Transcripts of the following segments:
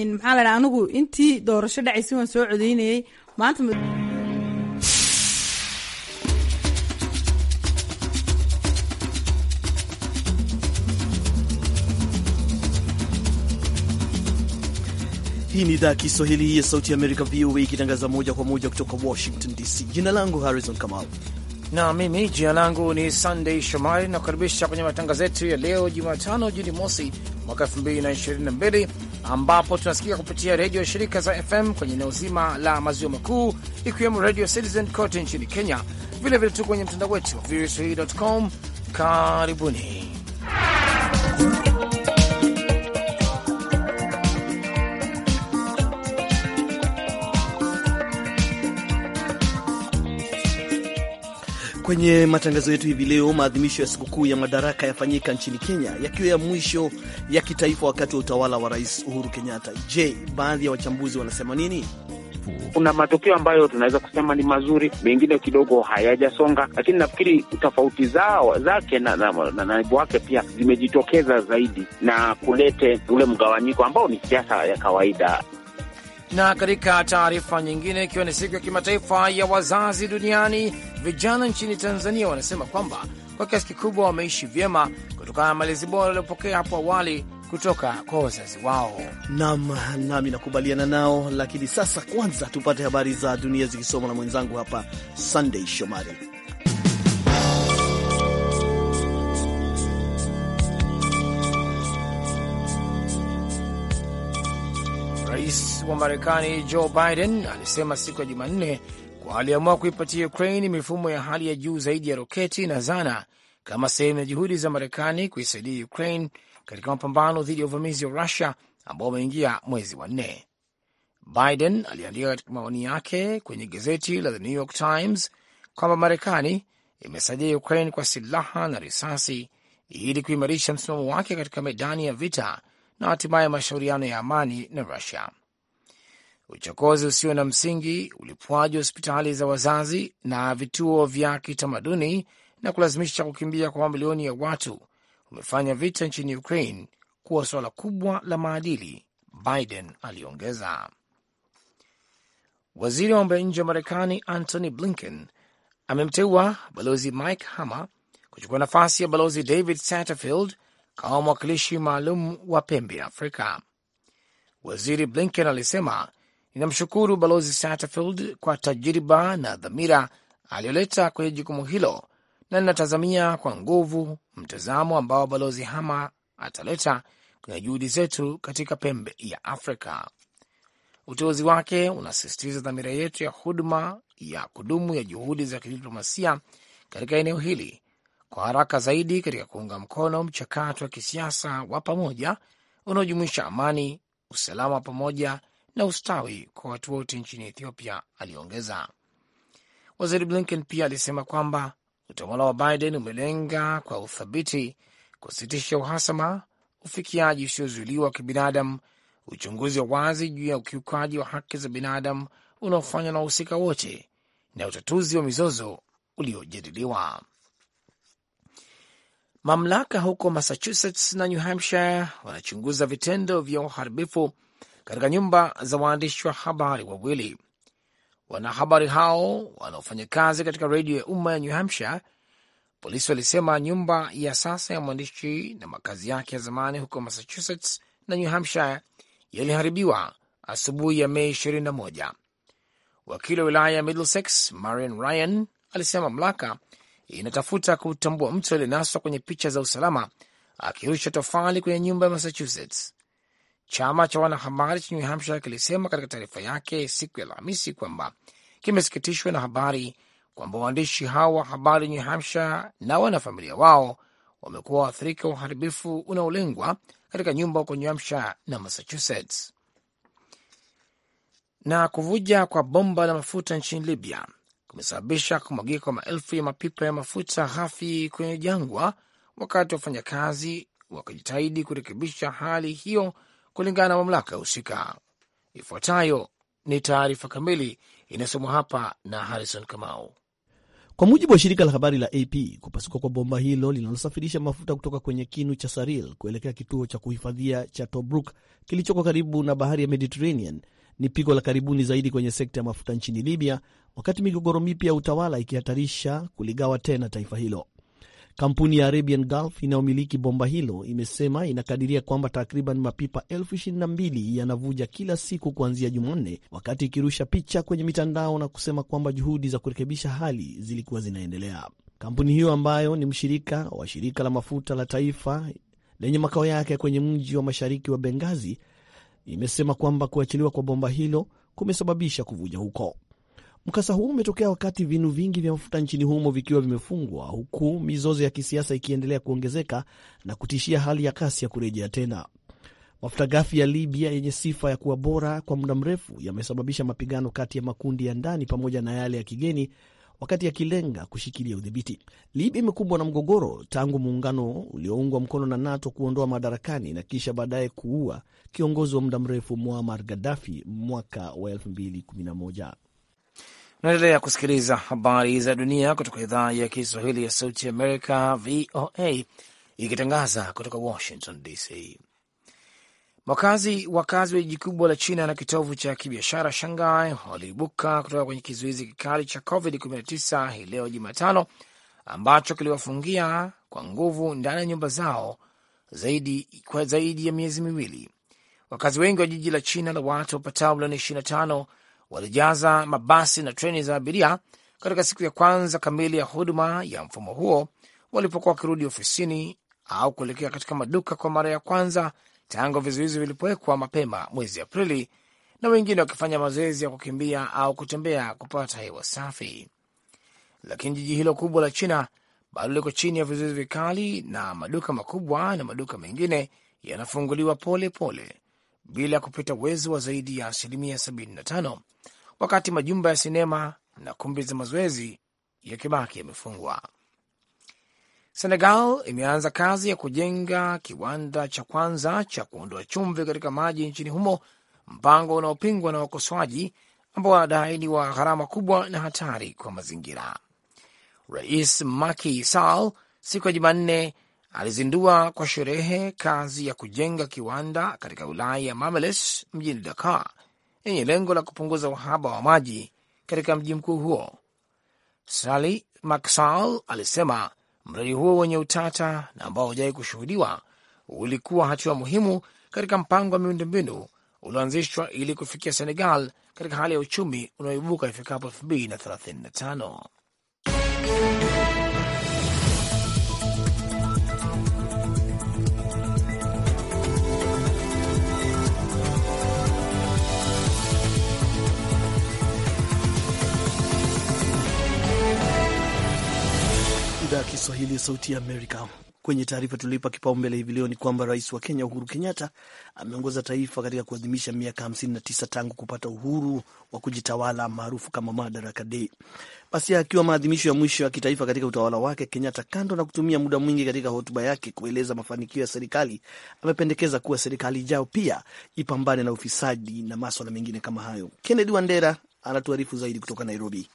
in maxaa la anigu intii doorasho dhacaysa waan soo codeynayay maanta Hii ni idhaa ya Kiswahili ya Sauti ya Amerika, VOA, ikitangaza moja kwa moja kutoka Washington DC. Jina langu Harrison Kamau na mimi jina langu ni Sandey Shomari, nakukaribisha kwenye matangazo yetu ya leo Jumatano Juni mosi mwaka 2022 ambapo tunasikia kupitia redio shirika za FM kwenye eneo zima la maziwa makuu ikiwemo Radio Citizen kote nchini Kenya. Vilevile tuko kwenye mtandao wetu voaswahili.com. Karibuni. Kwenye matangazo yetu hivi leo, maadhimisho ya sikukuu ya Madaraka yafanyika nchini Kenya, yakiwa ya mwisho ya kitaifa wakati wa utawala wa Rais Uhuru Kenyatta. Je, baadhi ya wachambuzi wanasema nini? Kuna matokeo ambayo tunaweza kusema ni mazuri, mengine kidogo hayajasonga, lakini nafikiri tofauti zao zake na, na, na naibu wake pia zimejitokeza zaidi na kulete ule mgawanyiko ambao ni siasa ya kawaida. Na katika taarifa nyingine, ikiwa ni siku ya kimataifa ya wazazi duniani, vijana nchini Tanzania wanasema kwamba kwa kiasi kikubwa wameishi vyema kutokana na malezi bora waliopokea hapo awali kutoka kwa wazazi wao. Nam, nami nakubaliana nao, lakini sasa kwanza tupate habari za dunia zikisomwa na mwenzangu hapa Sunday Shomari. wa Marekani Joe Biden alisema siku ya Jumanne kwa aliamua kuipatia Ukraine mifumo ya hali ya juu zaidi ya roketi na zana kama sehemu ya juhudi za Marekani kuisaidia Ukraine katika mapambano dhidi ya uvamizi wa Rusia ambao umeingia mwezi wa nne. Biden aliandika katika maoni yake kwenye gazeti la The New York Times kwamba Marekani imesaidia Ukraine kwa silaha na risasi ili kuimarisha msimamo wake katika medani ya vita na hatimaye mashauriano ya amani na Rusia uchokozi usio na msingi, ulipwaji wa hospitali za wazazi na vituo vya kitamaduni na kulazimisha kukimbia kwa mamilioni ya watu umefanya vita nchini Ukraine kuwa suala kubwa la maadili, Biden aliongeza. Waziri wa mambo ya nje wa Marekani Antony Blinken amemteua balozi Mike Hammer kuchukua nafasi ya balozi David Satterfield kama mwakilishi maalum wa pembe ya Afrika. Waziri Blinken alisema Ninamshukuru Balozi Satterfield kwa tajriba na dhamira aliyoleta kwenye jukumu hilo na ninatazamia kwa nguvu mtazamo ambao Balozi Hama ataleta kwenye juhudi zetu katika pembe ya Afrika. Uteuzi wake unasisitiza dhamira yetu ya huduma ya kudumu ya juhudi za kidiplomasia katika eneo hili kwa haraka zaidi katika kuunga mkono mchakato wa kisiasa wa pamoja unaojumuisha amani, usalama pamoja na ustawi kwa watu wote nchini Ethiopia, aliongeza. Waziri Blinken pia alisema kwamba utawala wa Biden umelenga kwa uthabiti kusitisha uhasama, ufikiaji usiozuiliwa wa kibinadamu, uchunguzi wa wazi juu ya ukiukaji wa haki za binadamu unaofanywa na wahusika wote na utatuzi wa mizozo uliojadiliwa. Mamlaka huko Massachusetts na New Hampshire wanachunguza vitendo vya uharibifu katika nyumba za waandishi wa habari wawili. Wanahabari hao wanaofanya kazi katika redio ya umma ya New Hampshire, polisi walisema nyumba ya sasa ya mwandishi na makazi yake ya zamani huko Massachusetts na New Hampshire yaliharibiwa asubuhi ya Mei 21. Wakili wa wilaya ya Middlesex Marian Ryan alisema mamlaka inatafuta kutambua mtu aliyenaswa kwenye picha za usalama akirusha tofali kwenye nyumba ya Massachusetts. Chama cha wanahabari cha New Hampshire kilisema katika taarifa yake siku ya Alhamisi kwamba kimesikitishwa na habari kwamba waandishi hao wa habari New Hampshire na wanafamilia wao wamekuwa waathirika wa uharibifu unaolengwa katika nyumba huko New Hampshire na Massachusetts. Na kuvuja kwa bomba la mafuta nchini Libya kumesababisha kumwagika kwa maelfu ya mapipa ya mafuta ghafi kwenye jangwa, wakati wafanyakazi wakijitahidi kurekebisha hali hiyo kulingana na mamlaka husika. Ifuatayo ni taarifa kamili, inasomwa hapa na Harrison Kamau. Kwa mujibu wa shirika la habari la AP, kupasuka kwa bomba hilo linalosafirisha mafuta kutoka kwenye kinu cha Saril kuelekea kituo cha kuhifadhia cha Tobruk kilichoko karibu na bahari ya Mediterranean ni pigo la karibuni zaidi kwenye sekta ya mafuta nchini Libya, wakati migogoro mipya ya utawala ikihatarisha kuligawa tena taifa hilo. Kampuni ya Arabian Gulf inayomiliki bomba hilo imesema inakadiria kwamba takriban mapipa elfu ishirini na mbili yanavuja kila siku kuanzia Jumanne, wakati ikirusha picha kwenye mitandao na kusema kwamba juhudi za kurekebisha hali zilikuwa zinaendelea. Kampuni hiyo ambayo ni mshirika wa shirika la mafuta la taifa lenye makao yake kwenye mji wa mashariki wa Bengazi imesema kwamba kuachiliwa kwa bomba hilo kumesababisha kuvuja huko. Mkasa huu umetokea wakati vinu vingi vya mafuta nchini humo vikiwa vimefungwa, huku mizozo ya kisiasa ikiendelea kuongezeka na kutishia hali ya kasi ya kurejea tena. Mafuta ghafi ya Libya yenye sifa ya kuwa bora kwa muda mrefu yamesababisha mapigano kati ya makundi ya ndani pamoja na yale ya kigeni, wakati yakilenga kushikilia udhibiti. Libya imekumbwa na mgogoro tangu muungano ulioungwa mkono na NATO kuondoa madarakani na kisha baadaye kuua kiongozi wa muda mrefu Muammar Gaddafi mwaka wa 2011. Unaendelea kusikiliza habari za dunia kutoka idhaa ya Kiswahili ya Sauti Amerika, VOA, ikitangaza kutoka Washington DC. Wakazi wakazi wa jiji kubwa la China na kitovu cha kibiashara Shanghai waliibuka kutoka kwenye kizuizi kikali cha COVID-19 hii leo Jumatano, ambacho kiliwafungia kwa nguvu ndani ya nyumba zao zaidi, kwa zaidi ya miezi miwili. Wakazi wengi wa jiji la China la watu wapatao milioni walijaza mabasi na treni za abiria katika siku ya kwanza kamili ya huduma ya mfumo huo walipokuwa wakirudi ofisini au kuelekea katika maduka kwa mara ya kwanza tangu vizuizi vilipowekwa mapema mwezi Aprili, na wengine wakifanya mazoezi ya kukimbia au kutembea kupata hewa safi. Lakini jiji hilo kubwa la China bado liko chini ya vizuizi vikali, na maduka makubwa na maduka mengine yanafunguliwa pole pole bila kupita uwezo wa zaidi ya asilimia 75, wakati majumba ya sinema na kumbi za mazoezi yakibaki yamefungwa. Senegal imeanza kazi ya kujenga kiwanda cha kwanza cha kuondoa chumvi katika maji nchini humo, mpango unaopingwa na wakosoaji ambao wanadai ni wa gharama kubwa na hatari kwa mazingira. Rais Macky Sall siku ya Jumanne alizindua kwa sherehe kazi ya kujenga kiwanda katika wilaya ya Mameles mjini Dakar yenye lengo la kupunguza uhaba wa maji katika mji mkuu huo. Sali Maksal alisema mradi huo wenye utata na ambao haujawahi kushuhudiwa ulikuwa hatua muhimu katika mpango wa miundombinu ulioanzishwa ili kufikia Senegal katika hali ya uchumi unaoibuka ifikapo 2035. ya Kiswahili ya Sauti ya Amerika. Kwenye taarifa tulioipa kipaumbele hivi leo ni kwamba rais wa Kenya Uhuru Kenyatta ameongoza taifa katika kuadhimisha miaka 59 tangu kupata uhuru wa kujitawala maarufu kama Madaraka Day. Basi akiwa maadhimisho ya mwisho ya kitaifa katika utawala wake, Kenyatta, kando na kutumia muda mwingi katika hotuba yake kueleza mafanikio ya serikali, amependekeza kuwa serikali ijayo pia ipambane na ufisadi na maswala mengine kama hayo. Kennedy Wandera anatuarifu zaidi kutoka Nairobi.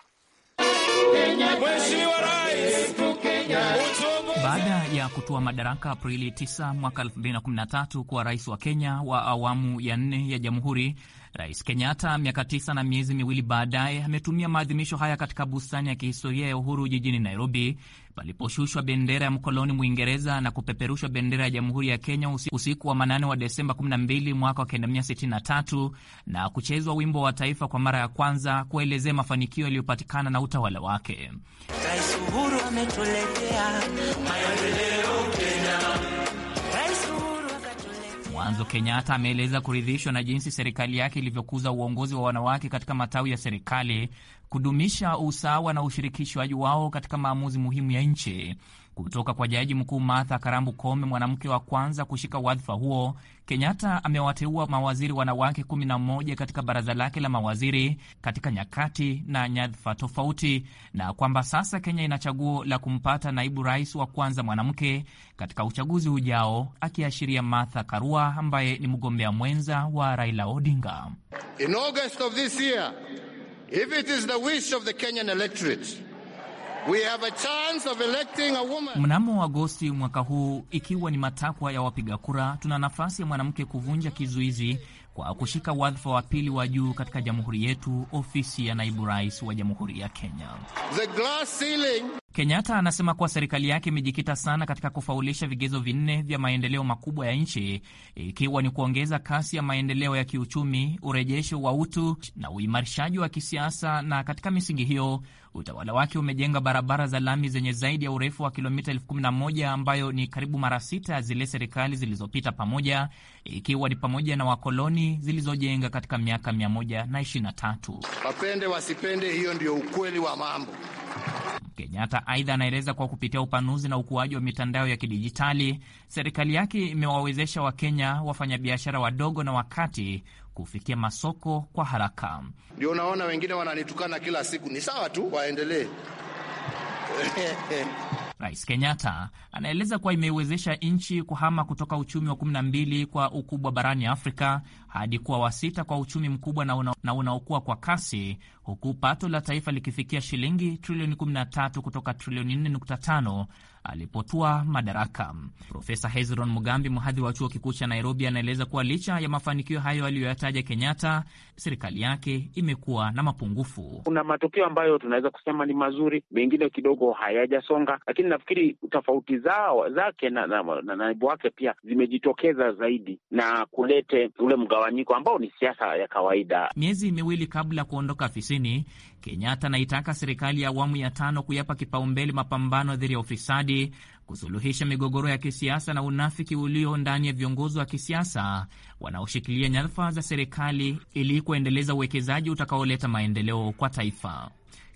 Kenya. Baada ya kutoa madaraka Aprili 9 mwaka 2013 kwa rais wa Kenya wa awamu ya nne ya jamhuri, Rais Kenyatta miaka tisa na miezi miwili baadaye ametumia maadhimisho haya katika bustani ya kihistoria ya Uhuru jijini Nairobi paliposhushwa bendera ya mkoloni Mwingereza na kupeperushwa bendera ya Jamhuri ya Kenya usiku wa manane wa Desemba 12 mwaka wa 1963 na kuchezwa wimbo wa taifa kwa mara ya kwanza kuelezea mafanikio yaliyopatikana na utawala wake. Rais Uhuru ametuletea maendeleo Kenya. Mwanzo Kenyatta ameeleza kuridhishwa na jinsi serikali yake ilivyokuza uongozi wa wanawake katika matawi ya serikali kudumisha usawa na ushirikishwaji wao katika maamuzi muhimu ya nchi kutoka kwa Jaji Mkuu Martha Karambu Kome, mwanamke wa kwanza kushika wadhifa huo. Kenyatta amewateua mawaziri wanawake 11 katika baraza lake la mawaziri katika nyakati na nyadhifa tofauti, na kwamba sasa Kenya ina chaguo la kumpata naibu rais wa kwanza mwanamke katika uchaguzi ujao, akiashiria Martha Karua ambaye ni mgombea mwenza wa Raila Odinga. In August of this year If it is the wish of the Kenyan electorate, we have a chance of electing a woman. Mnamo Agosti mwaka huu, ikiwa ni matakwa ya wapiga kura, tuna nafasi ya mwanamke kuvunja kizuizi kwa kushika wadhifa wa pili wa juu katika jamhuri yetu, ofisi ya naibu rais wa jamhuri ya Kenya. The glass ceiling. Kenyatta anasema kuwa serikali yake imejikita sana katika kufaulisha vigezo vinne vya maendeleo makubwa ya nchi, ikiwa ni kuongeza kasi ya maendeleo ya kiuchumi, urejesho wa utu na uimarishaji wa kisiasa. Na katika misingi hiyo, utawala wake umejenga barabara za lami zenye zaidi ya urefu wa kilomita elfu 11 ambayo ni karibu mara sita ya zile serikali zilizopita pamoja, ikiwa ni pamoja na wakoloni duni zilizojenga katika miaka 123. Wapende wasipende, hiyo ndiyo ukweli wa mambo. Kenyatta aidha anaeleza kuwa kupitia upanuzi na ukuaji wa mitandao ya kidijitali, serikali yake imewawezesha Wakenya wafanyabiashara wadogo na wakati kufikia masoko kwa haraka. Ndio unaona wengine wananitukana kila siku, ni sawa tu, waendelee Rais Kenyatta anaeleza kuwa imeiwezesha nchi kuhama kutoka uchumi wa 12 kwa ukubwa barani Afrika hadi kuwa wa sita kwa uchumi mkubwa na unaokuwa kwa kasi, huku pato la taifa likifikia shilingi trilioni 13 kutoka trilioni 4.5 alipotua madaraka. Profesa Hezron Mugambi, mhadhiri wa chuo kikuu cha Nairobi, anaeleza kuwa licha ya mafanikio hayo aliyoyataja Kenyatta, serikali yake imekuwa na mapungufu. Kuna matokeo ambayo tunaweza kusema ni mazuri, mengine kidogo hayajasonga, lakini nafikiri tofauti zao zake na, na, na, na naibu wake pia zimejitokeza zaidi na kulete ule mgawanyiko ambao ni siasa ya kawaida. Miezi miwili kabla ya kuondoka afisini Kenyatta anaitaka serikali ya awamu ya tano kuyapa kipaumbele mapambano dhidi ya ufisadi, kusuluhisha migogoro ya kisiasa na unafiki ulio ndani ya viongozi wa kisiasa wanaoshikilia nyadhifa za serikali ili kuendeleza uwekezaji utakaoleta maendeleo kwa taifa.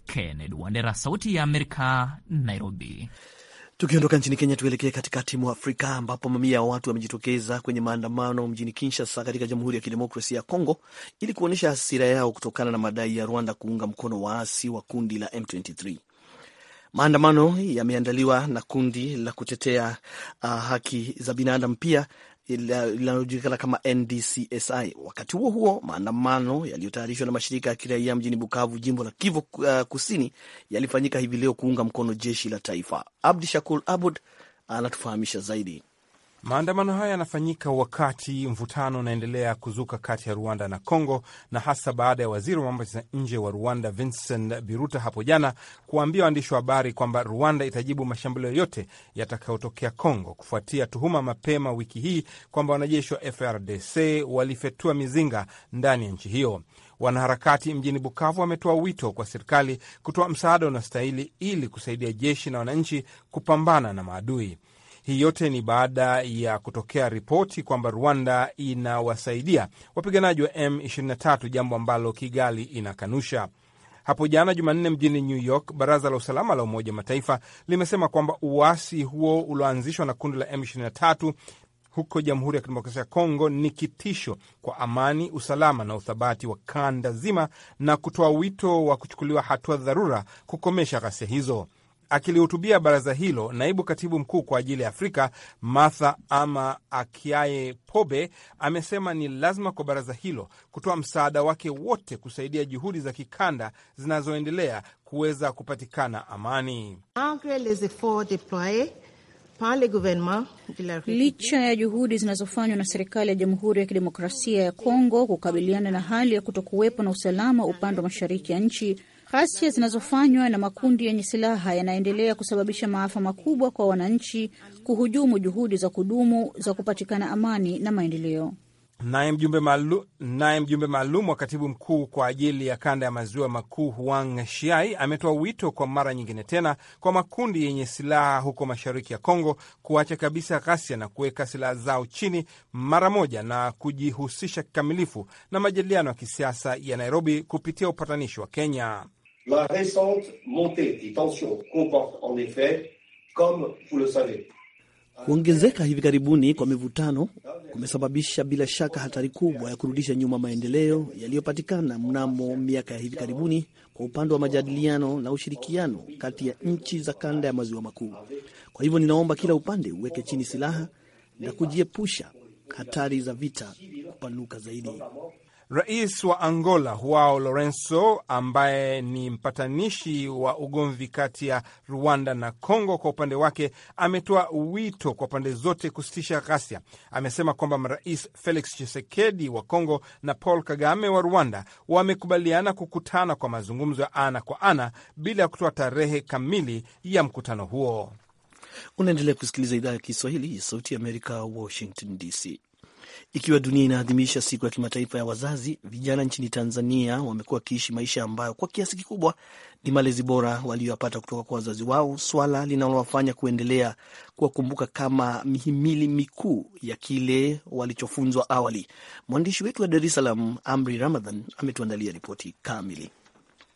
Kenneth Wandera, Sauti ya Amerika, Nairobi. Tukiondoka nchini Kenya, tuelekee katikati mwa Afrika ambapo mamia ya watu wamejitokeza kwenye maandamano mjini Kinshasa katika Jamhuri ya Kidemokrasia ya Kongo ili kuonyesha hasira yao kutokana na madai ya Rwanda kuunga mkono waasi wa kundi la M23. Maandamano yameandaliwa na kundi la kutetea uh, haki za binadamu pia linalojulikana kama NDCSI. Wakati huo huo, maandamano yaliyotayarishwa na mashirika ya kiraia mjini Bukavu, jimbo la Kivu uh, Kusini, yalifanyika hivi leo kuunga mkono jeshi la taifa. Abdi Shakur Abud anatufahamisha zaidi. Maandamano haya yanafanyika wakati mvutano unaendelea kuzuka kati ya Rwanda na Congo, na hasa baada ya waziri wa mambo ya nje wa Rwanda Vincent Biruta hapo jana kuwaambia waandishi wa habari kwamba Rwanda itajibu mashambulio yote yatakayotokea Congo, kufuatia tuhuma mapema wiki hii kwamba wanajeshi wa FRDC walifetua mizinga ndani ya nchi hiyo. Wanaharakati mjini Bukavu wametoa wito kwa serikali kutoa msaada unaostahili ili kusaidia jeshi na wananchi kupambana na maadui. Hii yote ni baada ya kutokea ripoti kwamba Rwanda inawasaidia wapiganaji wa M23, jambo ambalo Kigali inakanusha. Hapo jana Jumanne mjini New York, baraza la usalama la Umoja Mataifa limesema kwamba uasi huo ulioanzishwa na kundi la M23 huko Jamhuri ya Kidemokrasia ya Kongo ni kitisho kwa amani, usalama na uthabati wa kanda zima na kutoa wito wa kuchukuliwa hatua dharura kukomesha ghasia hizo. Akilihutubia baraza hilo, naibu katibu mkuu kwa ajili ya Afrika Martha Ama Akiaye Pobe amesema ni lazima kwa baraza hilo kutoa msaada wake wote kusaidia juhudi za kikanda zinazoendelea kuweza kupatikana amani. Licha ya juhudi zinazofanywa na serikali ya Jamhuri ya Kidemokrasia ya Kongo kukabiliana na hali ya kutokuwepo na usalama upande wa mashariki ya nchi Ghasia zinazofanywa na makundi yenye silaha yanaendelea kusababisha maafa makubwa kwa wananchi, kuhujumu juhudi za kudumu za kupatikana amani na maendeleo. Naye mjumbe maalum wa katibu mkuu kwa ajili ya kanda ya maziwa makuu Huang Shiai ametoa wito kwa mara nyingine tena kwa makundi yenye silaha huko mashariki ya Kongo kuacha kabisa ghasia na kuweka silaha zao chini mara moja na kujihusisha kikamilifu na majadiliano ya kisiasa ya Nairobi kupitia upatanishi wa Kenya. La récente montée des tensions comporte en effet, comme vous le savez, Kuongezeka hivi karibuni kwa mivutano kumesababisha bila shaka hatari kubwa ya kurudisha nyuma maendeleo yaliyopatikana mnamo miaka ya hivi karibuni kwa upande wa majadiliano na ushirikiano kati ya nchi za kanda ya maziwa makuu. Kwa hivyo ninaomba kila upande uweke chini silaha na kujiepusha hatari za vita kupanuka zaidi. Rais wa Angola huao Lorenzo, ambaye ni mpatanishi wa ugomvi kati ya Rwanda na Kongo, kwa upande wake ametoa wito kwa pande zote kusitisha ghasia. Amesema kwamba marais Felix Tshisekedi wa Kongo na Paul Kagame wa Rwanda wamekubaliana kukutana kwa mazungumzo ya ana kwa ana bila ya kutoa tarehe kamili ya mkutano huo. Unaendelea kusikiliza idhaa ya Kiswahili ya Sauti ya Amerika, Washington DC. Ikiwa dunia inaadhimisha siku ya kimataifa ya wazazi, vijana nchini Tanzania wamekuwa wakiishi maisha ambayo kwa kiasi kikubwa ni malezi bora waliyoyapata kutoka kwa wazazi wao, swala linalowafanya kuendelea kuwakumbuka kama mihimili mikuu ya kile walichofunzwa awali. Mwandishi wetu wa Dar es Salaam, Amri Ramadhan, ametuandalia ripoti kamili.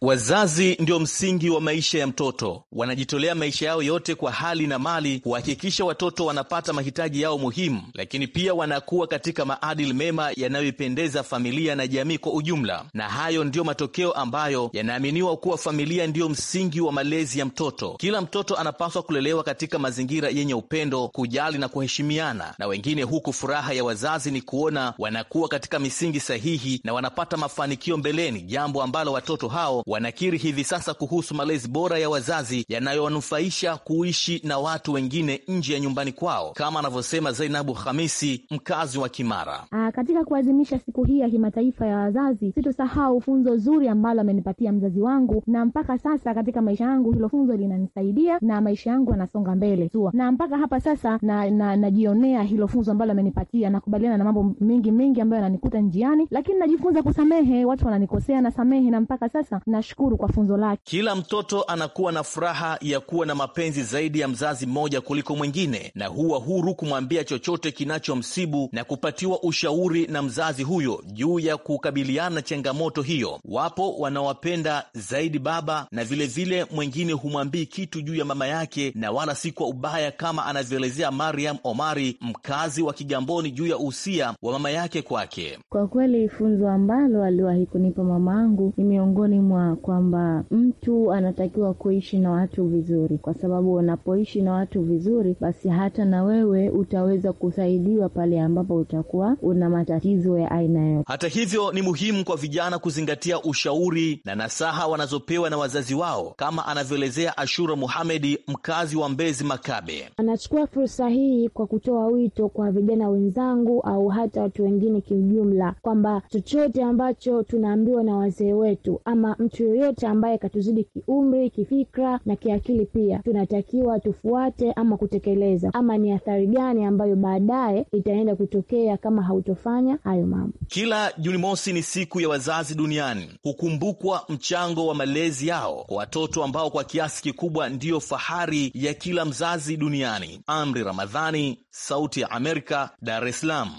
Wazazi ndio msingi wa maisha ya mtoto. Wanajitolea maisha yao yote kwa hali na mali kuhakikisha watoto wanapata mahitaji yao muhimu, lakini pia wanakuwa katika maadili mema yanayoipendeza familia na jamii kwa ujumla. Na hayo ndiyo matokeo ambayo yanaaminiwa kuwa familia ndiyo msingi wa malezi ya mtoto. Kila mtoto anapaswa kulelewa katika mazingira yenye upendo, kujali na kuheshimiana na wengine, huku furaha ya wazazi ni kuona wanakuwa katika misingi sahihi na wanapata mafanikio mbeleni, jambo ambalo watoto hao wanakiri hivi sasa kuhusu malezi bora ya wazazi yanayowanufaisha kuishi na watu wengine nje ya nyumbani kwao, kama anavyosema Zainabu Hamisi, mkazi wa Kimara. Aa, ah, katika kuadhimisha siku hii ya kimataifa ya wazazi, sitosahau funzo zuri ambalo amenipatia mzazi wangu, na mpaka sasa katika maisha yangu hilo funzo linanisaidia na maisha yangu yanasonga mbele tu, na mpaka hapa sasa najionea na, na hilo funzo ambalo amenipatia. Nakubaliana na mambo mengi mengi ambayo yananikuta njiani, lakini najifunza kusamehe. Watu wananikosea, nasamehe na mpaka sasa na anashukuru kwa funzo lake. Kila mtoto anakuwa na furaha ya kuwa na mapenzi zaidi ya mzazi mmoja kuliko mwingine, na huwa huru kumwambia chochote kinachomsibu na kupatiwa ushauri na mzazi huyo juu ya kukabiliana na changamoto hiyo. Wapo wanawapenda zaidi baba, na vilevile mwingine humwambii kitu juu ya mama yake, na wala si kwa ubaya, kama anavyoelezea Mariam Omari, mkazi wa Kigamboni, juu ya uhusia wa mama yake kwake. Kwa kweli funzo ambalo aliwahi kunipa mama angu ni miongoni mwa kwamba mtu anatakiwa kuishi na watu vizuri, kwa sababu unapoishi na watu vizuri, basi hata na wewe utaweza kusaidiwa pale ambapo utakuwa una matatizo ya aina yote. Hata hivyo, ni muhimu kwa vijana kuzingatia ushauri na nasaha wanazopewa na wazazi wao, kama anavyoelezea Ashura Muhamedi, mkazi wa Mbezi Makabe. Anachukua fursa hii kwa kutoa wito kwa vijana wenzangu au hata watu wengine kiujumla, kwamba chochote ambacho tunaambiwa na wazee wetu ama mtu yoyote ambaye katuzidi kiumri, kifikra na kiakili pia tunatakiwa tufuate ama kutekeleza, ama ni athari gani ambayo baadaye itaenda kutokea kama hautofanya hayo mambo. Kila Juni mosi ni siku ya wazazi duniani, hukumbukwa mchango wa malezi yao kwa watoto ambao kwa kiasi kikubwa ndiyo fahari ya kila mzazi duniani. Amri Ramadhani, Sauti ya Amerika, Dar es Salaam.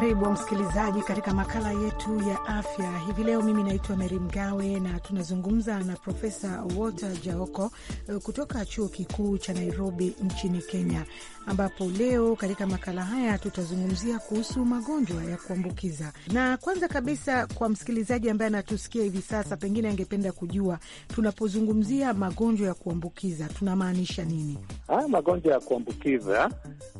Karibu msikilizaji katika makala yetu ya afya hivi leo. Mimi naitwa Meri Mgawe na tunazungumza na Profesa Walter Jaoko eh, kutoka chuo kikuu cha Nairobi nchini Kenya, ambapo leo katika makala haya tutazungumzia kuhusu magonjwa ya kuambukiza. Na kwanza kabisa, kwa msikilizaji ambaye anatusikia hivi sasa, pengine angependa kujua tunapozungumzia magonjwa ya kuambukiza tunamaanisha nini? Haya magonjwa ya kuambukiza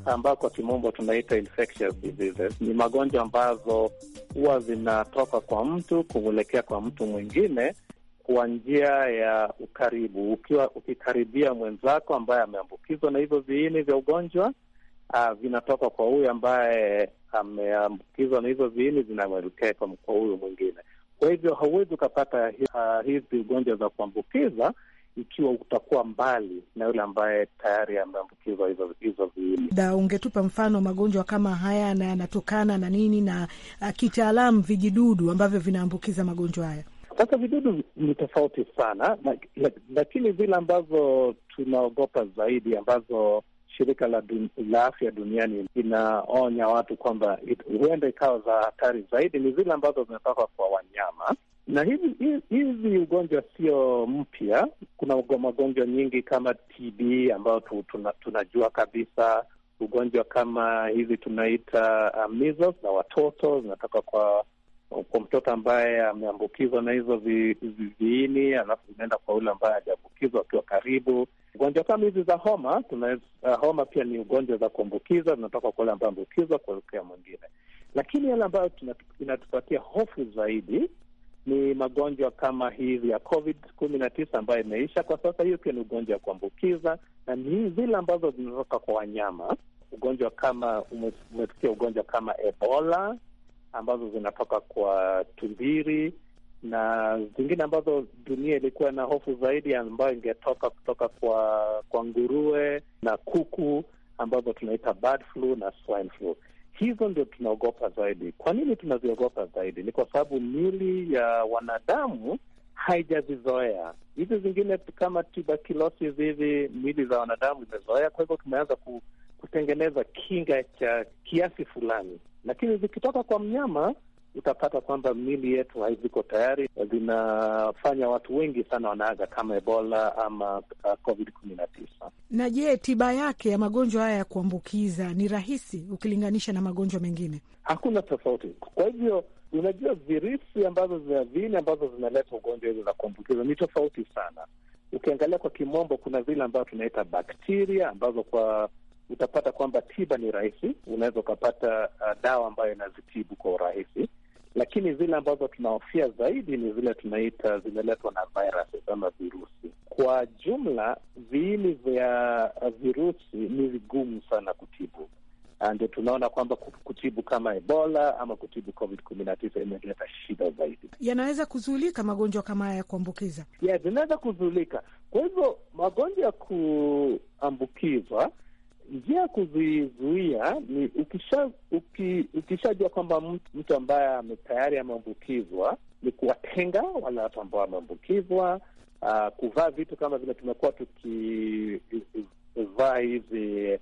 ambayo kwa kimombo tunaita infectious diseases ni magonjwa ambazo huwa zinatoka kwa mtu kumwelekea kwa mtu mwingine kwa njia ya ukaribu, ukiwa ukikaribia mwenzako ambaye ameambukizwa, na hivyo viini vya ugonjwa uh, vinatoka kwa huyu ambaye ameambukizwa, na hivyo viini vinamwelekea kwa huyu mwingine. Kwa hivyo hauwezi ukapata ah, hizi ugonjwa za kuambukiza ikiwa utakuwa mbali na yule ambaye tayari ameambukizwa hizo viini. Da, ungetupa mfano magonjwa kama haya na yanatokana na nini, na uh, kitaalamu vijidudu ambavyo vinaambukiza magonjwa haya? Sasa vidudu ni tofauti sana, lakini vile ambavyo tunaogopa zaidi ambazo shirika la, dun, la afya duniani inaonya watu kwamba huenda ikawa za hatari zaidi ni zile ambazo zinatoka kwa wanyama na hivi hizi ugonjwa sio mpya. Kuna magonjwa nyingi kama TB ambayo tuna, tunajua kabisa. Ugonjwa kama hizi tunaita uh, measles na watoto zinatoka kwa kwa mtoto ambaye ameambukizwa na hizo vi, viini alafu zinaenda kwa yule ambaye hajaambukizwa akiwa karibu. Ugonjwa kama hizi za homa tuna, uh, homa pia ni ugonjwa za kuambukiza, zinatoka kwa yule ambaye ambukizwa kuelekea mwingine, lakini yale ambayo inatupatia hofu zaidi ni magonjwa kama hivi ya COVID kumi na tisa ambayo imeisha kwa sasa. Hiyo pia ni ugonjwa wa kuambukiza na ni zile ambazo zinatoka kwa wanyama. Ugonjwa kama umesikia, ugonjwa kama Ebola ambazo zinatoka kwa tumbiri na zingine ambazo dunia ilikuwa na hofu zaidi, ambayo ingetoka kutoka kwa kwa nguruwe na kuku ambazo tunaita bird flu na swine flu. Hizo ndio tunaogopa zaidi. Kwa nini tunaziogopa zaidi? Ni kwa sababu mili ya wanadamu haijazizoea hizi zingine, kama tuberculosis hivi, mili za wanadamu zimezoea. Kwa hivyo tumeanza ku, kutengeneza kinga cha kiasi fulani, lakini zikitoka kwa mnyama utapata kwamba mili yetu haziko tayari, zinafanya watu wengi sana wanaaga kama Ebola ama uh, Covid kumi na tisa. Na je, tiba yake ya magonjwa haya ya kuambukiza ni rahisi ukilinganisha na magonjwa mengine? Hakuna tofauti. Kwa hivyo unajua, virusi ambazo zina vile ambazo zinaleta ugonjwa hizo za kuambukiza ni tofauti sana. Ukiangalia kwa kimombo, kuna vile ambavyo tunaita bakteria ambazo kwa utapata kwamba tiba ni rahisi, unaweza ukapata uh, dawa ambayo inazitibu kwa urahisi, lakini zile ambazo tunahofia zaidi ni zile tunaita zimeletwa na viruses ama virusi. Kwa jumla, viini vya virusi ni vigumu sana kutibu, ah, ndio tunaona kwamba kutibu kama Ebola ama kutibu Covid kumi na tisa imeleta shida zaidi. Yanaweza kuzuilika magonjwa kama haya ya kuambukiza, zinaweza yeah, kuzuilika. Kwa hivyo magonjwa ya kuambukizwa njia ya kuzizuia ni ukishajua uki, ukisha kwamba mtu ambaye tayari ameambukizwa ni kuwatenga wale watu ambao wameambukizwa. Uh, kuvaa vitu kama vile tumekuwa tukivaa hizi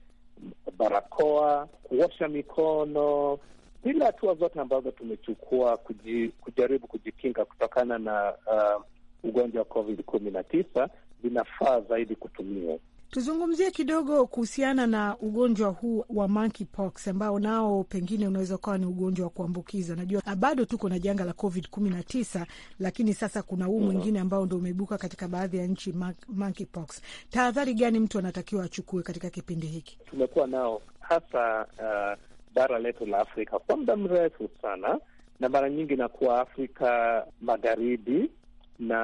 barakoa, kuosha mikono, zile hatua zote ambazo tumechukua kuji, kujaribu kujikinga kutokana na uh, ugonjwa wa COVID kumi na tisa zinafaa zaidi kutumia Tuzungumzie kidogo kuhusiana na ugonjwa huu wa monkeypox ambao nao pengine unaweza ukawa ni ugonjwa wa kuambukiza. Najua ah, bado tuko na janga la COVID kumi na tisa, lakini sasa kuna huu mm-hmm. mwingine ambao ndo umeibuka katika baadhi ya nchi, monkeypox. Tahadhari gani mtu anatakiwa achukue katika kipindi hiki? Tumekuwa nao hasa uh, bara letu la Afrika kwa muda mrefu sana, na mara nyingi inakuwa Afrika Magharibi na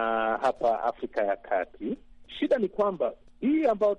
hapa Afrika ya Kati. Shida ni kwamba hii ambayo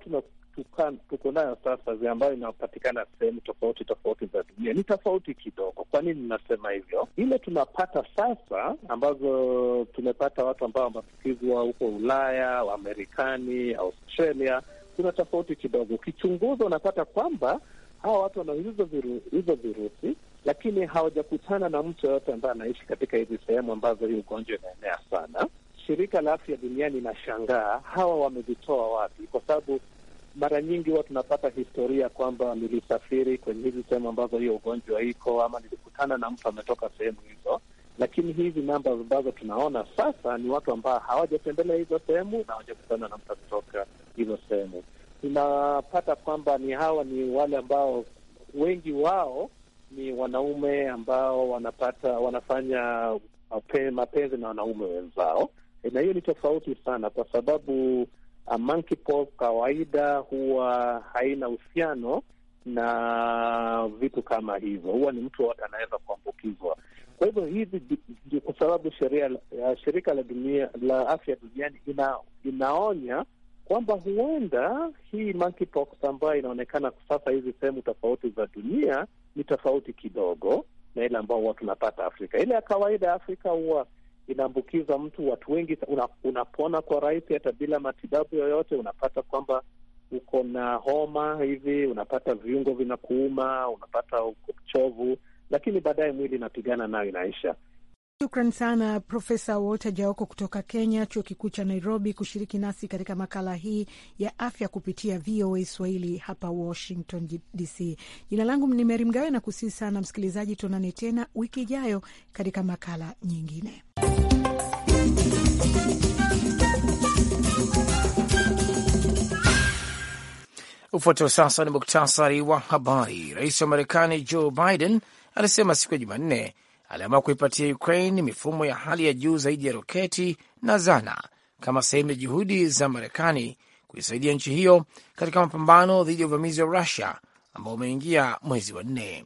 tuko nayo sasa, ambayo inapatikana sehemu tofauti tofauti za dunia ni tofauti kidogo. Kwa nini nasema hivyo? Ile tunapata sasa, ambazo tumepata watu ambao wameambukizwa huko Ulaya, wamerekani Australia, kuna tofauti kidogo. Ukichunguza unapata kwamba hawa watu wana hizo viru, virusi lakini hawajakutana na mtu yoyote ambaye anaishi katika hizi sehemu ambazo hii ugonjwa inaenea sana shirika la afya duniani inashangaa hawa wamevitoa wapi, kwa sababu mara nyingi huwa tunapata historia kwamba nilisafiri kwenye hizi sehemu ambazo hiyo ugonjwa iko, ama nilikutana na mtu ametoka sehemu hizo. Lakini hizi namba ambazo tunaona sasa ni watu ambao hawajatembelea hizo sehemu na hawajakutana na mtu ametoka hizo sehemu. Tunapata kwamba ni hawa ni wale ambao wengi wao ni wanaume ambao wanapata wanafanya mapenzi na wanaume wenzao e, na hiyo ni tofauti sana, kwa sababu uh, monkeypox kawaida huwa haina uhusiano na vitu kama hivyo, huwa ni mtu anaweza kuambukizwa. Kwa hivyo hivi, kwa sababu sheria uh, shirika la dunia la afya duniani ina, inaonya kwamba huenda hii monkeypox ambayo inaonekana sasa hizi sehemu tofauti za dunia ni tofauti kidogo na ile ambao huwa tunapata Afrika. Ile ya kawaida ya Afrika huwa inaambukiza mtu, watu wengi, unapona una kwa rahisi, hata bila matibabu yoyote. Unapata kwamba uko na homa hivi, unapata viungo vinakuuma, unapata mchovu, lakini baadaye mwili inapigana nayo, inaisha. Shukran sana Profesa Walter Jaoko kutoka Kenya, chuo kikuu cha Nairobi, kushiriki nasi katika makala hii ya afya kupitia VOA Swahili hapa Washington DC. Jina langu ni Meri Mgawe na kusihi sana msikilizaji, tuonane tena wiki ijayo katika makala nyingine. Ufuatao sasa ni muktasari wa habari. Rais wa Marekani Joe Biden alisema siku ya Jumanne aliamua kuipatia Ukraine mifumo ya hali ya juu zaidi ya roketi na zana kama sehemu ya juhudi za Marekani kuisaidia nchi hiyo katika mapambano dhidi ya uvamizi wa Rusia ambao umeingia mwezi wa nne.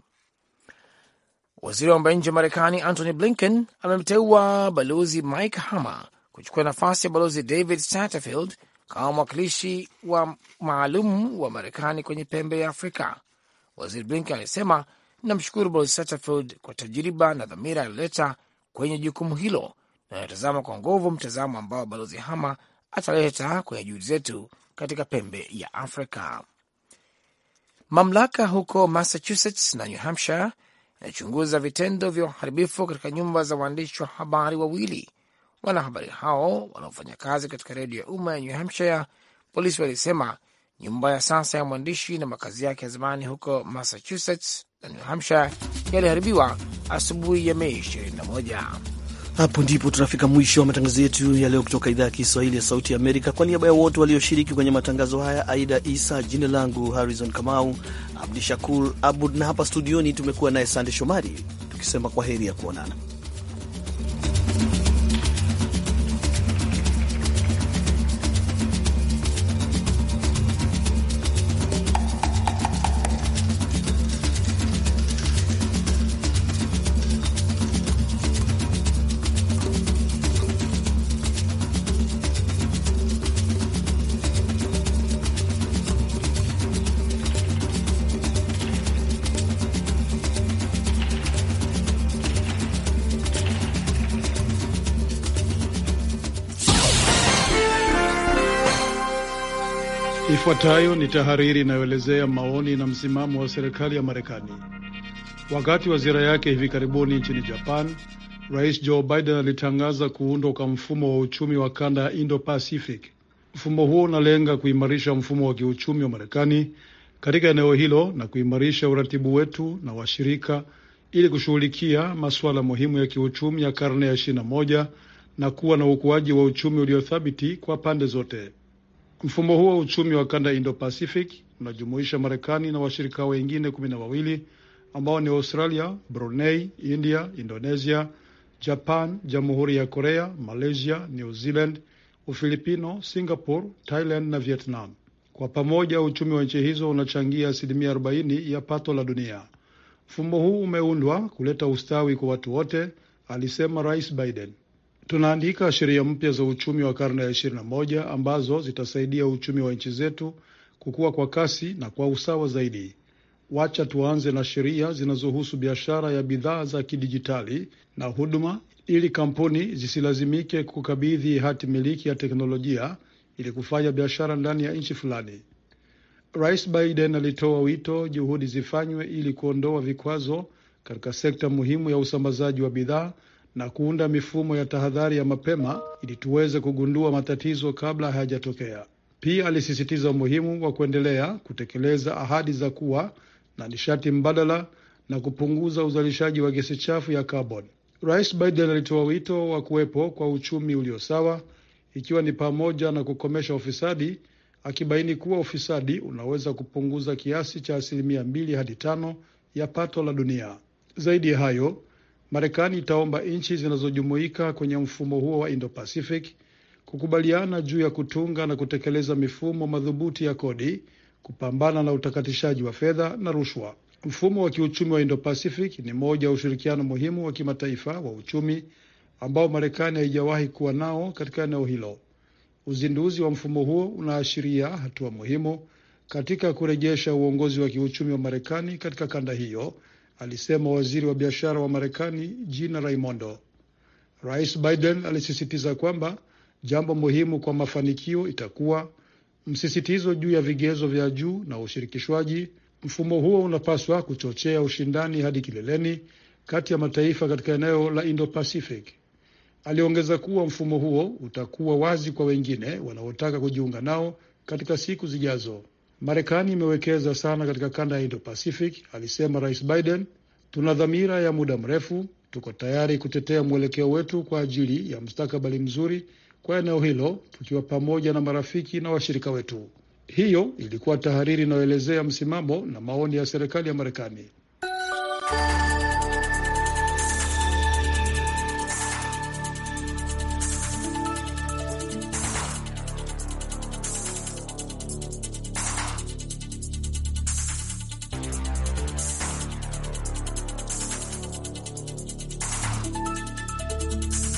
Waziri wa mambo ya nje wa Marekani Antony Blinken amemteua balozi Mike Hammer kuchukua nafasi ya balozi David Satterfield kama mwakilishi wa maalum wa Marekani kwenye pembe ya Afrika. Waziri Blinken alisema Namshukuru Balozi Satterfield kwa tajriba na dhamira alileta kwenye jukumu hilo, na anatazama kwa nguvu mtazamo ambao Balozi Hama ataleta kwenye juhudi zetu katika pembe ya Afrika. Mamlaka huko Massachusetts na New Hampshire inachunguza vitendo vya uharibifu katika nyumba za waandishi wa habari wawili. Wanahabari hao wanaofanya kazi katika redio ya umma ya New Hampshire, polisi walisema nyumba ya sasa ya mwandishi na makazi yake ya zamani huko Massachusetts na New Hampshire yaliharibiwa asubuhi ya Mei 21. Hapo ndipo tunafika mwisho wa matangazo yetu ya leo kutoka idhaa ya Kiswahili ya Sauti Amerika. Kwa niaba ya wote walioshiriki kwenye matangazo haya, Aida Isa, jina langu Harrison Kamau, Abdi Shakur Abud, na hapa studioni tumekuwa naye Sande Shomari tukisema kwa heri ya kuonana. Ifuatayo ni tahariri inayoelezea maoni na msimamo wa serikali ya Marekani. Wakati wa ziara yake hivi karibuni nchini Japan, Rais Joe Biden alitangaza kuundwa kwa mfumo wa uchumi wa kanda ya Indo-Pacific. Mfumo huo unalenga kuimarisha mfumo wa kiuchumi wa Marekani katika eneo hilo na kuimarisha uratibu wetu na washirika ili kushughulikia masuala muhimu ya kiuchumi ya karne ya 21 na kuwa na ukuaji wa uchumi uliothabiti kwa pande zote. Mfumo huo wa uchumi wa kanda Indo Pacific unajumuisha Marekani na washirika wengine kumi na wawili ambao ni Australia, Brunei, India, Indonesia, Japan, Jamhuri ya Korea, Malaysia, New Zealand, Ufilipino, Singapore, Thailand na Vietnam. Kwa pamoja uchumi wa nchi hizo unachangia asilimia 40 ya pato la dunia. Mfumo huu umeundwa kuleta ustawi kwa watu wote, alisema Rais Biden. Tunaandika sheria mpya za uchumi wa karne ya 21 ambazo zitasaidia uchumi wa nchi zetu kukua kwa kasi na kwa usawa zaidi. Wacha tuanze na sheria zinazohusu biashara ya bidhaa za kidijitali na huduma ili kampuni zisilazimike kukabidhi hati miliki ya teknolojia ili kufanya biashara ndani ya nchi fulani. Rais Biden alitoa wito juhudi zifanywe ili kuondoa vikwazo katika sekta muhimu ya usambazaji wa bidhaa na kuunda mifumo ya tahadhari ya mapema ili tuweze kugundua matatizo kabla hayajatokea. Pia alisisitiza umuhimu wa kuendelea kutekeleza ahadi za kuwa na nishati mbadala na kupunguza uzalishaji wa gesi chafu ya carbon. Rais Biden alitoa wito wa kuwepo kwa uchumi ulio sawa, ikiwa ni pamoja na kukomesha ufisadi, akibaini kuwa ufisadi unaweza kupunguza kiasi cha asilimia mbili hadi tano ya pato la dunia. Zaidi ya hayo Marekani itaomba nchi zinazojumuika kwenye mfumo huo wa Indo-Pacific kukubaliana juu ya kutunga na kutekeleza mifumo madhubuti ya kodi, kupambana na utakatishaji wa fedha na rushwa. Mfumo wa kiuchumi wa Indo-Pacific ni moja ya ushirikiano muhimu wa kimataifa wa uchumi ambao Marekani haijawahi kuwa nao katika eneo hilo. Uzinduzi wa mfumo huo unaashiria hatua muhimu katika kurejesha uongozi wa kiuchumi wa Marekani katika kanda hiyo alisema waziri wa biashara wa Marekani Gina Raimondo. Rais Biden alisisitiza kwamba jambo muhimu kwa mafanikio itakuwa msisitizo juu ya vigezo vya juu na ushirikishwaji. Mfumo huo unapaswa kuchochea ushindani hadi kileleni kati ya mataifa katika eneo la Indo-Pacific. Aliongeza kuwa mfumo huo utakuwa wazi kwa wengine wanaotaka kujiunga nao katika siku zijazo. Marekani imewekeza sana katika kanda ya Indo Pacific, alisema Rais Biden. Tuna dhamira ya muda mrefu, tuko tayari kutetea mwelekeo wetu kwa ajili ya mustakabali mzuri kwa eneo hilo, tukiwa pamoja na marafiki na washirika wetu. Hiyo ilikuwa tahariri inayoelezea msimamo na maoni ya serikali ya Marekani.